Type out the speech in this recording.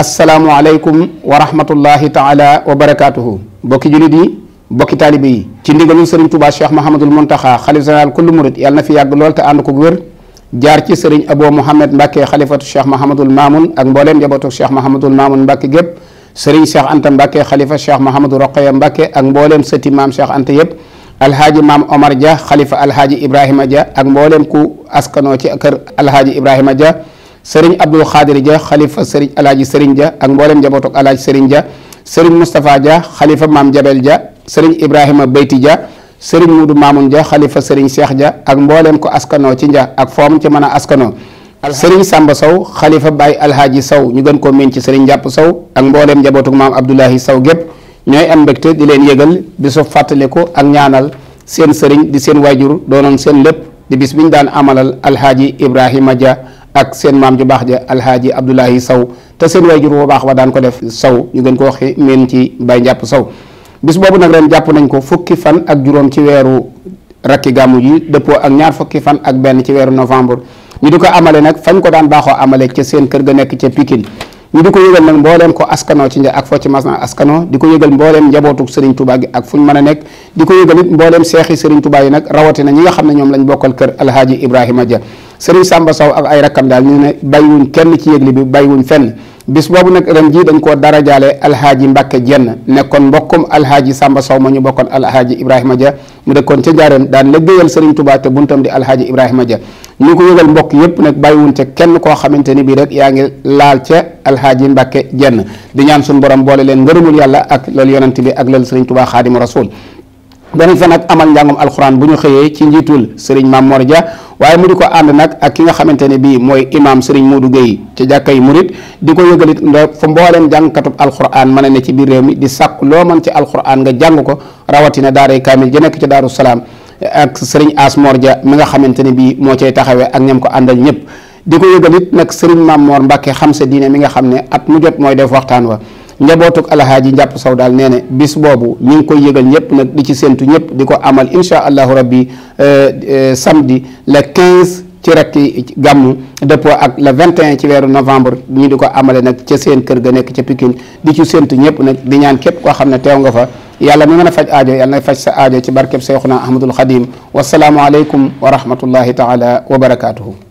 asalaamualeykum wa rahmatullahi taala wa barakaatuhu bokki jullit yi bokki taalibe yi ci ndigalul sëriñ Touba Cheikh Mahamadul Muntaxa xalif général kullu murit yàlla na fi yàgg lool te ànd ko wér jaar ci sëriñ Abo Mouhamed Mbacke xalifatu Cheikh Mahamadul Mamoun ak mbooleem njabootu Cheikh Mahamadul Mamoun Mbacke gépp sëriñ Cheikh Anta Mbacke xalifa Cheikh Mahamadou Roqaya Mbacke ak mbooleem sëti maam Cheikh Anta yëpp alhaaji maam Omar Dia xalifa alhaaji Ibrahima Dia ak mbooleem ku askanoo ci kër alhaaji Ibrahima Dia sëriñ Abdul Xaadir ja xalifa sëriñ alaaji sëriñ Dia ak mboolem njabootu ak alaaji sëriñ Dia sëriñ Moustapha Dia xalifa maam Jabel Dia sëriñ Ibrahima Beyti Dia sëriñ Muudu Maamun Dia xalifa sëriñ Cheikh Dia ak mboolem ko askanoo ci Dia ak foom ci mën a askanoo sëriñ Samba Sow xalifa Baye Alhaaji Sow ñu gën koo miin ci sëriñ Jàpp Sow ak mboolem njabootu maam Abdoulahi Sow gépp ñooy am mbégte di leen yëgal bisu fàttaliku ak ñaanal seen sëriñ di seen waajur doonoon seen lépp di bi ñu daan amalal Alhaaji Ibrahima Dia ak seen maam ju baax ja alhaaji abdoulahi saw te seen wayjur bu baax wa daan ko def saw ñu gën ko waxe meen ci bay njàpp saw bis boobu nag ren jàpp nañ ko fukki fan ak juróom ci weeru rakki gàmmu ji dëppoo ak ñaar fukki fan ak benn ci weeru novembre ñu di ko amale nag fañ ko daan baaxoo amale ca seen kër ga nekk ca Pikine ñu di ko yëgal nag mbooleem ko askanoo ci nja ak foo ci mas askano di ko yëgal mbooleem njabootu Serigne Touba gi ak fu ñu mën a nekk di ko yëgal it mbooleem seexi Serigne Touba yi nag rawatina ñi nga xam ne ñoom lañ kër Alhaaji Ibrahima Dia sëriñ Samba Sow ak ay rakkam daal ñu ne bàyyiwuñ kenn ci yëgli bi bàyyiwuñ fenn bis boobu nag ren jii dañ koo darajaale alhaaji Mbàkke jenn nekkoon mbokkum alhaaji Samba Sow ma ñu bokkoon alhaaji Ibrahima Dia mu dëkkoon ca Njaareem daan liggéeyal sëriñ Tuubaa te buntam di alhaaji Ibrahima Dia ñu ko yëgal mbokk yépp nag bàyyiwuñ ca kenn koo xamante ni bii rek yaa ngi laal ca alhaaji Mbàkke jenn di ñaan suñu borom boole leen ngërëmul yàlla ak loolu yonent bi ak loolu sëriñ Tuubaa Xaadimu Rasuul danañ fa nag amal njàngum alxuraan bu ñu xëyee ci njiitul sëriñ Mamor Dia waaye mu di ko ànd nag ak ki nga xamante ne bii mooy imaam Serigne Modou Gueye ca jàkka yi murit di ko yëgalit nda fa mbooleem jàngkatub alquran mën a ne ci biir réew mi di sàkk loo man ci alquran nga jàng ko rawatina daaray kaamil ja nekk ci daaru salaam ak Serigne Asmor ja mi nga xamante ne bii moo cay taxawee ak ñam ko àndal ñëpp di ko yëgalit nag Serigne Mamor Mbacke xam se diine mi nga xam ne at mu jot mooy def waxtaan wa njabootuk alhaaji njàpp saw daal nee ne bis boobu ñu ngi koy yëgal ñëpp nag di ci séntu ñëpp di ko amal insha allahu rabbi euh, euh, samedi le 15 ci rakki gàmmu dëppoo ak la vingt 21 ci weeru novembre ñu di ko amale nag ca seen kër ga nekk ca Pikine di ci séntu ñëpp nag di ñaan képp koo xam ne teew nga fa yàlla mi mën a faj aajo yàlla na faj sa aajo ci barkeb Seyxuna Ahmadul Xadim wasalaamu aleykum wa rahmatullahi taala wa barakaatuhu